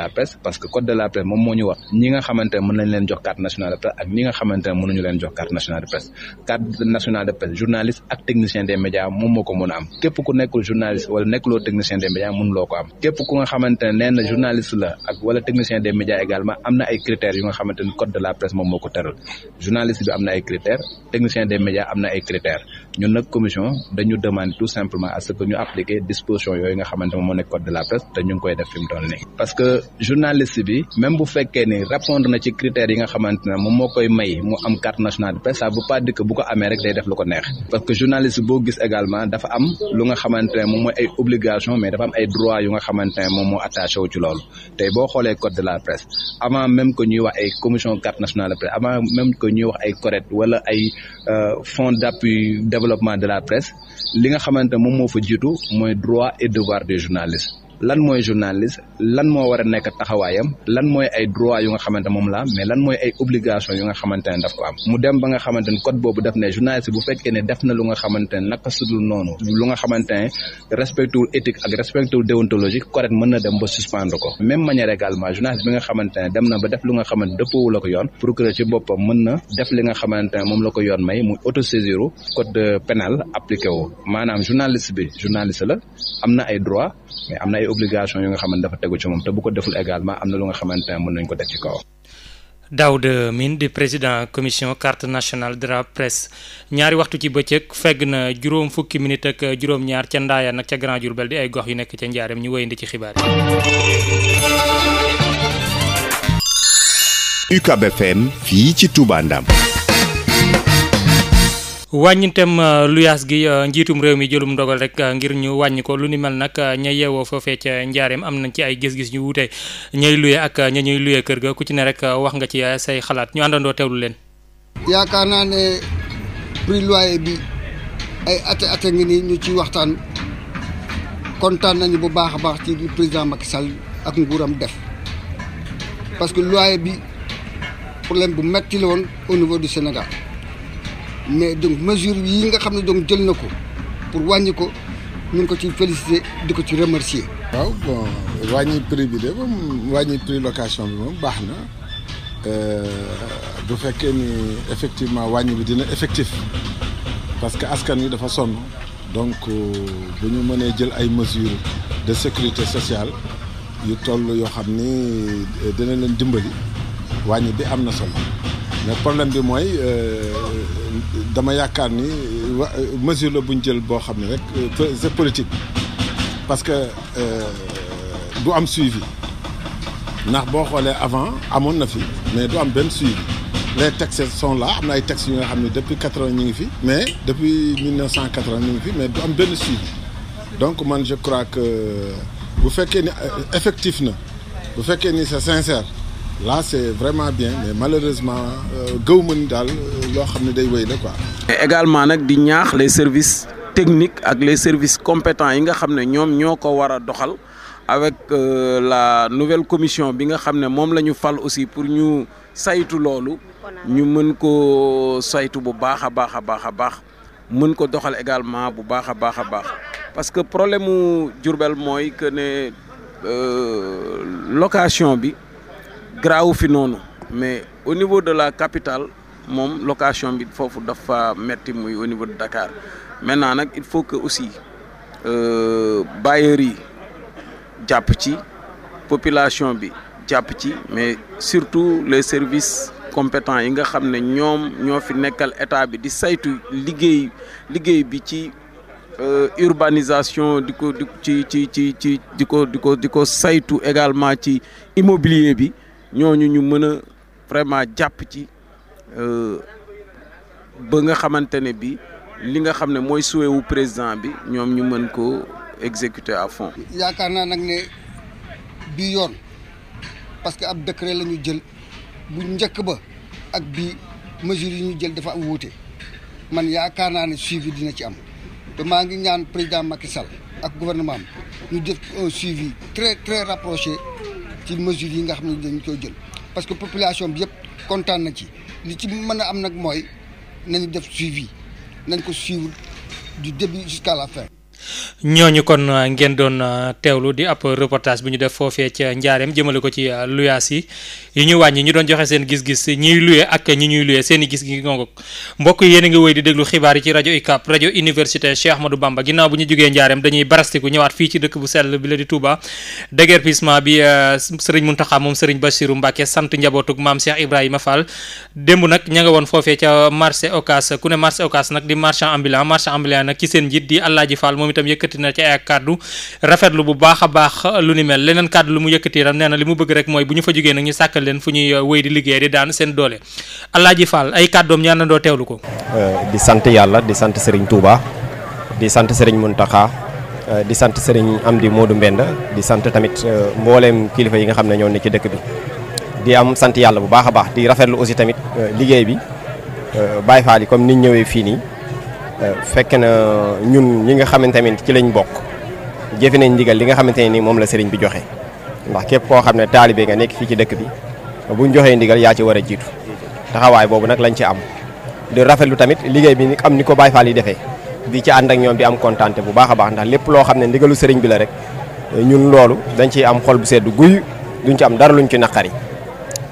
nationale de presse ak ñi nga xamante ne mënuñu leen technicien des médias moom moo ko am képp ku nekkul journaliste wala nekkuloo technicien des médias mënuloo ko am képp ku nga xamante ne journaliste la ak wala technicien des médias également am na ay critères yu nga xamante ne code de la presse moom moo ko journaliste bi am na ay critères technicien des médias am na ay critères ñun nag commission dañu demander tout simplement à ce que ñu appliquer disposition yooyu nga xamante moom moo code de la presse te ñu koy def fi mu toll parce que journaliste bi même bu fekkee ni répondre na ci critères yi nga xamante moom moo koy may obligation mais dafa am ay droit yu nga xamante moom moo attaché ci loolu tey boo xoolee code de la presse avant même que ñuy wax ay commission carte nationale de presse avant même que ñuy wax ay CORED développement de la presse li nga xamante moom moo fa jiitu mooy droit et devoir des journalistes lan mooy journaliste lan moo war a nekk taxawaayam lan mooy ay droit yu nga xamante moom la mais lan mooy ay obligation yu nga xamante ne daf ko am mu dem ba nga xamante ne code boobu daf ne journaliste bu fekkee def na lu nga xamante ne naka sudul noonu lu nga xamante ne respectewul éthique ak respectewul déontologie correct mën na dem ba suspendre ko même manière également journaliste bi nga xamante ne dem na ba def lu nga xamante dëppoowu la ko yoon procureur ci boppam mën na def li nga xamante ne moom la ko yoon may mu autosaisir code pénal appliqué wu maanaam journaliste bi journaliste la am na ay droit mais am na ay obligation yu nga xamante dafa tegu ci moom te bu ko deful également am na lu nga xamante ne mën nañ ko teg ci kaw Daouda Mine di président commission carte nationale de la presse ñaari waxtu ci bëccëg fegg na juróom fukki minute ak juróom-ñaar ca ndaaya nag ca Grand Diourbel di ay gox yu nekk ca njaareem ñu wéyandi ci xibaar yi UCAB FM fii ci Touba Ndam wàññintem euh, luyaas gi euh, njiitum réew mi jëlum ndogal rek euh, ngir ñu wàññi ko lu ni mel nag ña yeewoo foofee ca njaareem am nañ ci ay gis-gis ñu wuute ñay luye ak ña ñuy luye kër ga ku ci ne rek wax nga ci say xalaat ñu àndandoo teewlu leen. yaakaar naa ne prix loyer bi ay ate ate ngi nii ñu ci waxtaan kontaan nañu bu baax a baax ci président Macky sal ak nguuram def parce que loyer bi problème bu metti la woon au niveau du Sénégal. mais donc mesure yi nga xam ne donc jël na ko pour wàññi ko ñu ko ci félicité di ko ci remercier. waaw bon wàññi prix bi de moom wàññi prix location bi moom baax na euh, bu fekkee ni effectivement wàññi bi dina effectif parce que askan wi dafa sonn donc euh, bu ñu mënee jël ay mesures de sécurité sociale yi toll yoo xam ni dina leen dimbali wàññi bi am na solo. mais problème bi mooy euh, dama yaakaar ni mesure la bu ñu jël boo xam ne rek euh, c'est politique parce que euh, du am suivi ndax boo xoolee avant amoon na fi mais du am benn suivi les textes son la am na ay textes yu nga xam ne depuis quatre-vingt ñu ngi fi mais depuis mille neuf cent quatre-vingt ñu ngi mais du am benn suivi donc man je crois que bu fekkee ni effectif na bu fekkee ni c'est sincère là c'est vraiment bien mais malheureusement euh, gow ma ni daal euh, loo xam ne day wéy la ko mais également nag di ñaax les service techniques ak les services compétents yi nga xam ne ñoom ñoo ko war a doxal avec euh, la nouvelle commission bi nga xam ne moom la ñu fal aussi pour ñu saytu loolu ñu mën ko saytu bu baax a baax a baax a baax mën ko doxal également bu baax a baax a baax parce que problème mu Diourbel mooy que ne location bi. graaw fi noonu mais au niveau de la capital moom location bi foofu dafa metti muy au niveau de Dakar maintenant nag il faut que aussi euh, bailleurs yi jàpp ci population bi jàpp ci mais surtout les services compétents yi nga xam ne ñoom ñoo fi nekkal état bi di saytu liggéey liggéey bi ci euh, urbanisation di ko di ci ci ci ci di ko di ko di ko saytu également ci immobilier bi ñooñu ñu mën a vraiment jàpp ci euh, ba nga xamante ne bi li nga xam ne mooy souhait wu président bi ñoom ñu mën ko exécuter à fond. yaakaar naa nag ne bii yoon parce que ab décret la ñu jël bu njëkk ba ak bii mesure yi ñu jël dafa am wuute man yaakaar naa ne suivi dina ci am te maa ngi ñaan président Macky Sall ak gouvernement am ñu def un suivi très très rapproché. ci mesures yi nga xam ne dañ koy jël parce que population bi yëpp kontaan na ci li ci mën a am nag mooy nañu def suivi nañ ko suivre du début jusqu'à la fin ñooñu kon uh, ngeen doon uh, teewlu di ab reportage bu ñu def foofee ca njaareem jëmale ko ci uh, luyaas yi ñu wàññi ñu doon joxe seen gis-gis ñiy luye ak ñi ñuy luye seen i gis-gis ngongog mbokk yi yéen a ngi wéy di déglu xibaar yi ci rajo UCAB rajo université Cheikh Ahmadou Bamba ginnaaw bu ñu jugee njaareem dañuy barastiku ñëwaat fii ci dëkk bu sell bi la di Touba déguerpissement bi sëriñ Mountakha moom sëriñ Bassirou Mbacké sant njabootug maam Cheikh Ibrahima Fall démb nag ña nga woon foofee ca marché Ocass ku ne marché Ocass nag di marchand ambulant marchand ambulant moom itam yëkkati na ci ay kàddu rafetlu bu baax a baax lu ni mel leneen kàddu lu mu yëkkati itam nee na li mu bëgg rek mooy bu ñu fa jógee nag ñu sàkkal leen fu ñuy uh, wéy di liggéey di daan seen doole Alaaji Fall ay kàddoom ñaan na doo teewlu ko. Uh, di sant yàlla di sant Serigne Touba di sant Serigne Mountakha uh, di sant sëriñ am di moo Modou Mbenda di sant tamit mbooleem kilifa yi nga xam ne ñoo ne ci dëkk bi. di am sant yàlla bu baax a baax di rafetlu aussi tamit liggéey bi Baye Fall fii nii. fekk na ñun ñi nga xamante ne ci lañ bokk jëfe nañ ndigal li nga xamante ne ni moom la sëriñ bi joxe ndax képp koo xam ne taalibe nga nekk fii ci dëkk bi buñ joxee ndigal yaa ci war a jiitu taxawaay boobu nag lañ ci am di rafetlu tamit liggéey bi ni am ni ko baay Fall yi defee di ci ànd ak ñoom di am kontaante bu baax baax ndax lépp loo xam ne ndigalu sëriñ bi la rek ñun loolu dañ ciy am xol bu sedd guy duñ ci am dara luñ ci naqari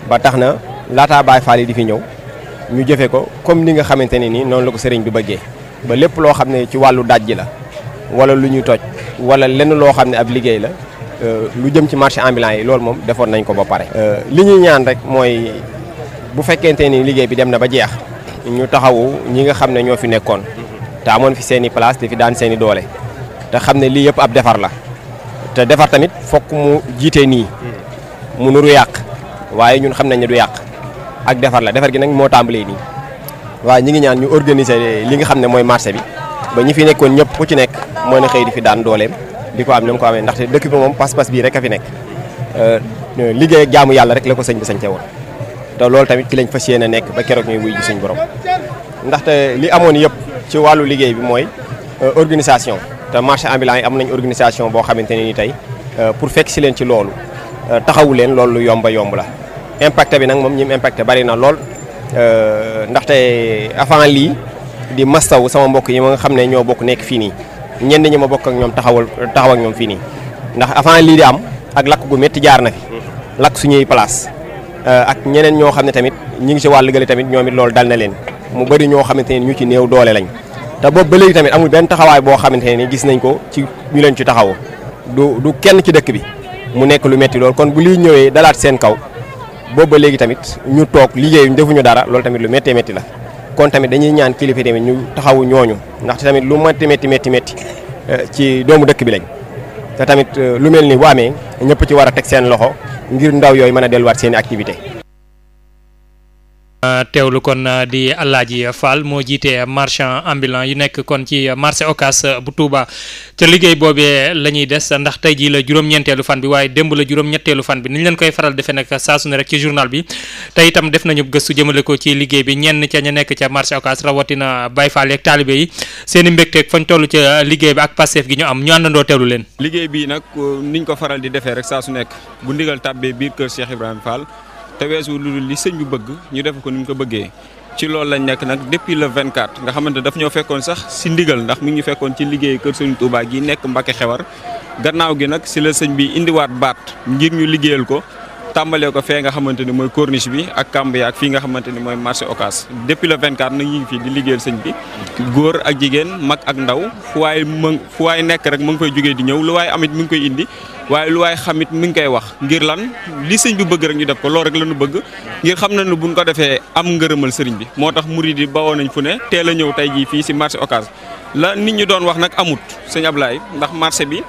ba tax na laataa Baye Fall di fi ñëw ñu jëfe ko comme ni nga xamante ne ni noonu la ko sëriñ bi bëggee ba lépp loo xam ne ci wàllu daj ji la wala lu ñuy toj wala lenn loo xam ne ab liggéey la euh, lu jëm ci marché ambulant yi loolu moom defoon nañ ko ba pare. Euh, li ñuy ñaan rek mooy bu fekkente ni liggéey bi dem na ba jeex ñu taxawu ñi nga xam ne ñoo fi nekkoon te amoon fi seen i place fi daan seeni doole te xam ne lii yëpp ab defar la te defar tamit fokk mu jiite nii mu nuru yàq waaye ñun xam nañ ne du yàq ak defar la defar gi nag moo tàmbalee nii. waa ñi ngi ñaan ñu organiser li nga xam ne mooy marché bi ba ñi fi nekkoon ñëpp ku ci nekk mooy ne xëy di fi daan dooleem di ko am ni mu ko amee ndaxte dëkk bi moom pas-pas bii rek a fi nekk euh, liggéey ak jaamu yàlla rek la ko sëñ bi sañ woon te loolu tamit ci lañ fas yéene nekk ba keroog ñuy wuy ji suñ borom ndaxte li amoon yëpp ci wàllu liggéey bi mooy euh, organisation te marché ambulant am nañ organisation boo xamante ne nii tey euh, pour fekk si leen ci loolu taxawu leen loolu lu yomba yomb la impacté bi nag moom ñim impacté bari na lool Euh, ndaxte avant lii di mastaw sama mbokk yi ma nga xam ne ñoo bokk nekk fii nii ñenn ñi ma bokk ak ñoom taxawal taxaw ñoom fii nii ndax avant lii di am ak lakk gu métti jaar na fi lakk suñuy place euh, ak ñeneen ñoo xam ne tamit ñi ngi ci wàll gële tamit ñoom it loolu dal na leen mu bëri ñoo xamante ne ñu ci néew doole lañ te boobu ba léegi tamit amul benn taxawaay boo xamante ne gis nañ ko ci ñu leen ci taxaw du du kenn ci dëkk bi mu nekk lu métti lool kon bu liy ñëwee dalaat seen kaw boobu ba léegi tamit ñu toog liggéeyuñ defuñu dara loolu tamit lu méttee métti la kon tamit dañuy ñaan kilifa tamit ñu taxawu ñooñu ndax tamit lu métti métti métti métti euh, ci doomu dëkk bi lañ te tamit euh, lu mel ni bu amee ñëpp ci war a teg seen loxo ngir ndaw yooyu mën a delluwaat seen i activité teewlu kon ah, di Alaaji Fall moo jiite marchand ambulant yu nekk kon ci marché Ocass ah, bu Touba ca liggéey boobee la ñuy des ndax tey jii la juróom-ñeenteelu fan bi waaye démb la juróom-ñetteelu fan bi ni leen koy faral defee nag saa su ne rek ci journal bi tey itam def nañu gëstu jëmale ko ci liggéey bi ñenn ca ña nekk ca marché Ocass rawatina Baye Fall yeeg taalibe yi seen i mbégteeg fañ toll ca liggéey bi ak Pastef gi ñu am ñu àndandoo teewlu leen. liggéey bi nag niñ ko faral di defee rek saa su nekk bu ndigal tàbbee biir te weesu lu dul li sëñ bi bëgg ñu def ko ni mu ko bëggee ci loolu lañ nekk nag depuis le 24 nga xamante daf ñoo fekkoon sax si ndigal ndax mi ngi fekkoon ci liggéey kër sëñ Touba gi nekk Mbacke Xewar gannaaw gi nag si la sëñ bi indiwaat baat ngir ñu liggéeyal ko tàmbalee ko fee nga xamante ni mooy corniche bi ak kàmb yi ak fii nga xamante ni mooy marché Ocass depuis le 24 nag ñu ngi fii di liggéeyal sëñ bi góor ak jigéen mag ak ndaw fu waay mën fu waay nekk rek mu ngi koy jógee di ñëw lu waay amit mi ngi koy indi waaye lu waay xamit mi ngi koy wax ngir lan li sëñ bi bëgg rek ñu def ko loolu rek lanu bëgg ngir xam na ne buñ ko defee am ngërëmal sëriñ bi moo tax murid yi bawoo nañ fu ne teel a ñëw tey jii fii si marché Ocass lan nit ñi doon wax nag amut sëñ Ablaye ndax marché bi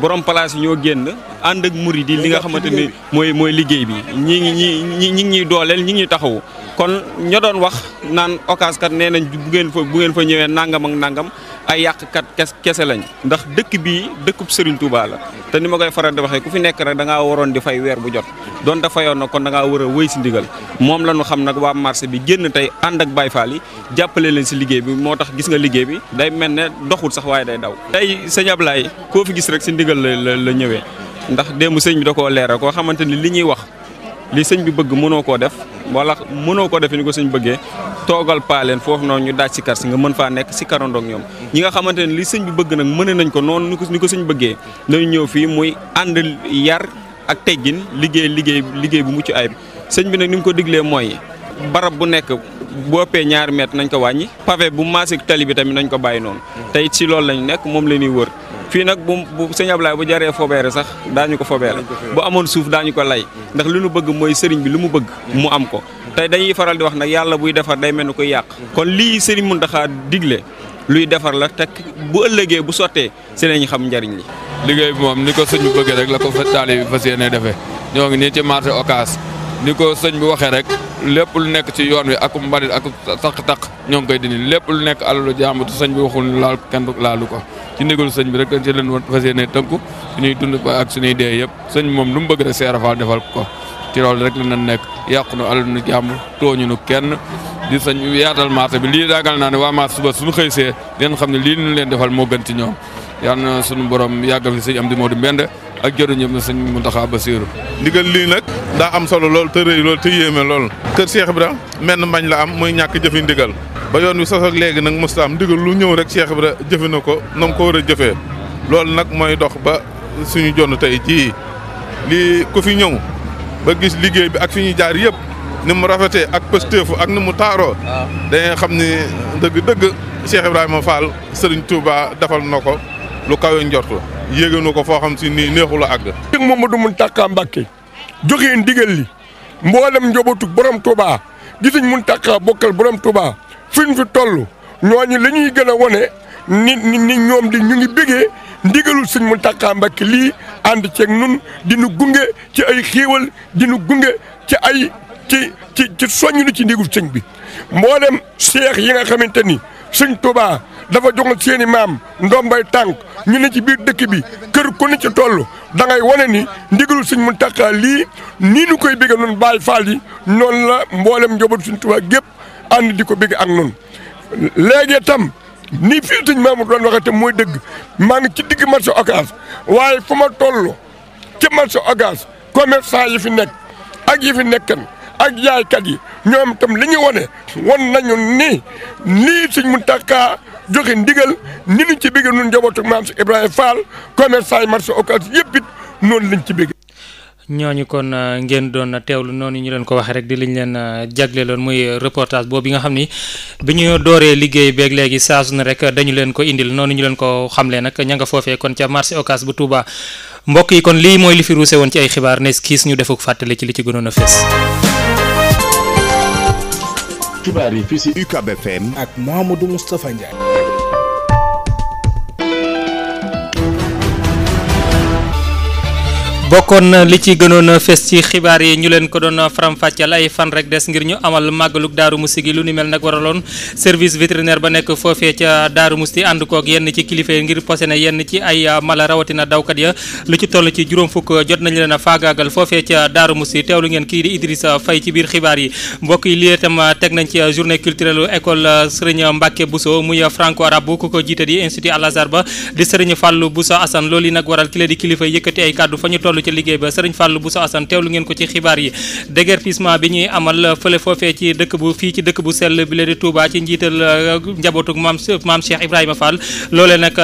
borom place yi ñoo génn ànd ak murid yi li nga xamante ni mooy mooy liggéey bi ñii ngi ñii ñi ngi ñuy dooleel ñi ngi ñuy taxawu kon ña doon wax naan Ocas nee nañ bu ngeen fa bu ngeen fa ñëwee nangam ak nangam ay yàqkat kes kese lañ ndax dëkk bii dëkkub Serigne Touba la te ni ma koy faral di waxee ku fi nekk rek da ngaa waroon di fay weer bu jot doon dafa yoon na kon da war a wëy si ndigal moom la nu xam nag waa marché bi génn tey ànd ak Baye yi jàppale leen si liggéey bi moo tax gis nga liggéey bi day mel ne doxul sax waaye day daw. tey sëñ Ablaye koo fi gis rek si ndigal la la ñëwee ndax démb sëñ bi da koo koo xamante ni li ñuy wax. li sëñ bi bëgg mënoo koo def wala mënoo koo def ni ko sëñ bëggee toogal paa leen foofu noonu ñu daaj si kar si nga mën faa nekk si karandoog ñoom ñi nga xamante ne li sëñ bi bëgg nag mënee nañ ko noonu ni ko ni ko sëñ bëggee lañu ñëw fii muy ànd yar ak teggin liggéey liggéey liggéey bu mucc ayib sëñ bi nag ni mu ko diglee mooy barab bu nekk boo ëppee ñaari mètre nañ ko wàññi pavé bu maasik tali bi tamit nañ ko bàyyi noonu tey ci loolu lañ nekk moom la ñuy wër fii nag bu bu sëñ bu jaree fobeere sax daañu ko fobeere bu amoon suuf daañu ko lay ndax lu nu bëgg mooy sëriñ bi lu mu bëgg mu am ko tey dañuy faral di wax nag yàlla buy defar day mel ni koy yàq kon lii sëriñ Muntaxa digle luy defar la te bu ëllëgee bu sottee si lañ xam njariñ li liggéey bi moom ni ko sëñ bi bëggee rek la ko fa taali bi fas yéene defee ñoo ngi nii ci marché Ocass ni ko sëñ bi waxee rek lépp lu nekk ci yoon wi ak mbalit ak taq-taq ñoo ngi koy dindi lépp lu nekk alalu jàmm te sëñ bi waxul laal kenn laalu ko ci ndigal sëñ bi rek dañ ci leen war fas yéene tënku suñuy dund ak suñuy dee yëpp sëñ moom lu mu bëgg rek Seera Faal defal ko ci loolu rek la nekk yàqu nu alalu nu jàmm tooñu nu kenn di sëñ yaatal marché bi lii daagal naa ne waa maa suba suñu xëy see leen xam ne lii ñu leen defal moo gën ci ñoom yal na suñu borom yàggal fi sëñ am di moo du mbend ak jëriñam na sëñ ba Bassirou ndigal lii nag daa am solo loolu te rëy lool te yéeme lool kër Cheikh Ibra menn mbañ la am muy ñàkk jëfi ndigal ba yoon wi sos ak léegi nag mosta am ndigal lu ñëw rek Cheikh Ibra jëfe na ko nam ko war a jëfee loolu nag mooy dox ba suñu jon tey ji lii ku fi ñëw ba gis liggéey bi ak fi ñuy jaar yëpp ni mu rafetee ak pësteefu ak ni mu taaroo dangay xam ni dëgg-dëgg Cheikh Ibrahima Fall Serigne Touba defal na ko lu kawe njort yéeganu ko foo xam si nii neexul a àgg. dégg nga Mamadou Mountakha Mbacké joxe ndigal li mboolem njobootu borom Touba di sëñ Mountakha bokkal borom Touba fi ñu fi toll ñooñu la ñuy gën a wane nit ñi ñoom di ñu ngi béggee ndigalul sëñ Mountakha Mbacké lii ànd ceeg nun di nu gunge ci ay xéewal di nu gunge ci ay ci ci ci soññu ci ndigul sëñ bi mboolem seex yi nga xamante ni sëñ Touba. dafa jox la seen i maam ndombay tànk ñu ne ci biir dëkk bi kër ku ne ci toll da ngay wane ni ndigalul suñ mu taqaa lii nii nu koy bégg noonu Baay Faal yi noonu la mboolem njobot suñ Tuubaa gépp ànd di ko bégg ak noonu léegi tam nii fii suñ maamu doon waxee te mooy dëgg maa ngi ci digg marché Ocass waaye fu ma toll ci marché Ocass commerçant yi fi nekk ak yi fi nekkan ak jaaykat yi ñoom tam li ñu wane won nañu ni lii suñ mun taqaa joxe ndigal ni luñ ci bëgg nun njabootu maam si Ibrahima Fall commerçant yi marché occasion si noonu lañ ci bëgg ñooñu kon euh, ngeen doon teewlu noonu ñu leen ko waxee rek di liñ leen euh, jagleeloon muy euh, reportage boobu nga xam ni bi ñu dooree liggéey beek léegi saasu na rek dañu leen ko indil noonu ñu leen ko xamlee nag ña nga foofee kon ca marché ocas bu Touba mbokk yi kon lii mooy li fi ruuse woon ci ay xibaar ne kiis ñu defuk fàttali ci li ci gënoon a fees. xibaar yi fii si UCAB FM ak bokkoon na li ci gënoon a fes ci xibaar yi ñu leen ko doon faram-fàcceel ay fan rek des ngir ñu amal màggalug Daaru Musti gi lu ni mel nag waraloon service vétérinaire ba nekk foofee ca Daaru Musti ànd koog yenn ci kilifa yi ngir posé na yenn ci ay mala rawatina dawkat ya lu ci toll ci juróom fukk jot nañ leen a faagaagal foofee ca Daaru Musti teewlu ngeen kii di Idrissa Faye ci biir xibaar yi mbokk yi lii itam teg nañ ci journée culturelle école Serigne Mbacke Bousso muy franco arabe bu ku ko jiite di institut Al Azhar ba di la di kilifa yëkkati ay kàddu fa ñu toll ci liggéey ba sëriñ Fallou Bousso Assane ko ci dëkk bu fii ci dëkk bu sell bi la di Touba ci njiital euh, njabootuk maam maam Cheikh Ibrahima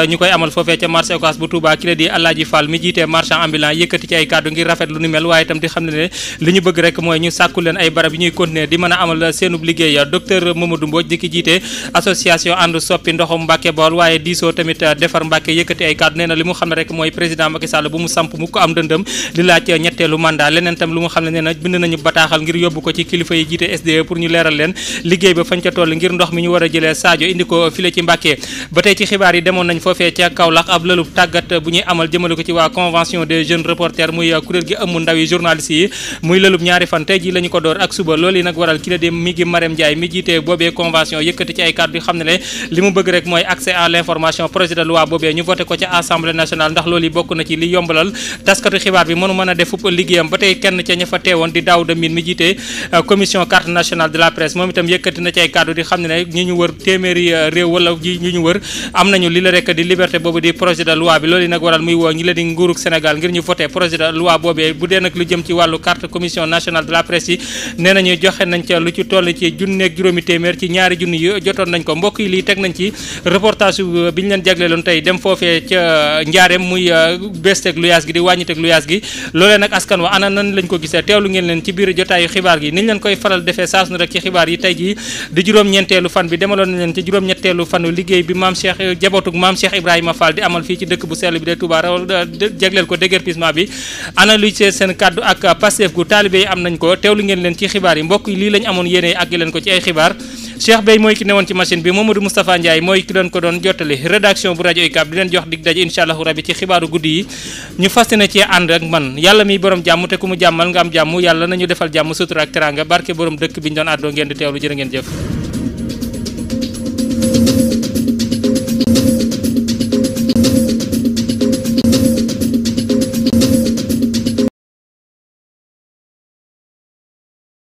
ñu koy amal foofee ca marché Ocass bu Touba ki la di Alaaji Fall mi jiitee marchand ambulant yëkkati ci ay kàddu ngir rafet lu ni mel waaye itam di xam ne li ñu bëgg rek mooy ñu sàkku leen ay barab yi ñuy continuer di mën a amal seenub liggéey docteur Mamadou Mbodj di ki jiite association ànd soppi ndoxum Mbàkke Bawol waaye diisoo tamit defar Mbàkke yëkkati ay kàddu nee li mu xam ne rek mooy président Macky bu mu samp mu ko am dëndëm jëm di laaj ñetteelu mandat leneen tam lu mu xam ne nee na bind nañu bataaxal ngir yóbbu ko ci kilifa yi jiite SDE pour ñu leeral leen liggéey ba fañ ca toll ngir ndox mi ñu war a jëlee indi ko file ci Mbàkke ba tey ci xibaar yi demoon nañ foofee ca Kaolack ab lëlub tàggat bu ñuy amal jëmale ko ci waa convention des jeunes reporters muy kuréel gi ëmb ndaw yi yi muy lëlub ñaari fan tey ji la ko door ak suba loolu yi nag waral ki la dem mi gi Marème Ndiaye mi xibaar bi mënu mën a def fupp liggéeyam ba tey kenn ca ña fa teewoon di Daouda Mine mi jiite euh, commission carte nationale de la presse moom itam yëkkati na ci ay di xam ne ne ñu wër téeméeri euh, réew wala ji ñu wër am nañu li la rek di liberté boobu di projet de loi bi loolu nag waral muy woo ñi la di nguurug Sénégal ngir ñu voté projet de loi boobee bu dee nag lu jëm ci wàllu carte commission nationale de la presse yi nee nañu joxe nañ ca lu ci toll violence gi loolee nag askan wa ana nan lañ ko gisee teewlu ngeen leen ci biir jotaayu xibaar gi niñ leen koy faral defee saa su ne rek ci xibaar yi tey jii di juróom-ñeenteelu fan bi demaloon nañ leen ci juróom-ñetteelu fanu liggéey bi maam Cheikh jabootug maam Cheikh Ibrahima Fall di amal fii ci dëkk bu sell bi de Touba rawal jagleel ko déguerpissement bi analyser seen kàddu ak Pastef gu taalibe yi am nañ ko teewlu ngeen leen ci xibaar yi mbokk yi lii lañ amoon leen ko Cheikh Bey mooy ki newoon ci machine bi Mamadou Moustapha Ndiaye mooy ki doon ko doon jottali rédaction bu rajo UCAB di leen jox dig daje incha allahu rabi ci xibaaru guddi yi ñu fas cee ànd ak man yàlla mi borom jàmm te ku mu jàmmal nga am jàmm yàlla na ñu defal jàmm sutura ak teranga barke borom dëkk bi ñu doon àddoo ngeen di teewlu jërë ngeen jëf